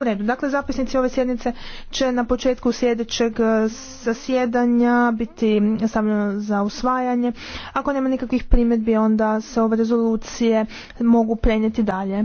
U redu, dakle zapisnici ove sjednice će na početku sljedećeg e, zasjedanja biti stavljeno za usvajanje. Ako nema nikakvih primjedbi onda se ove rezolucije mogu prenijeti dalje.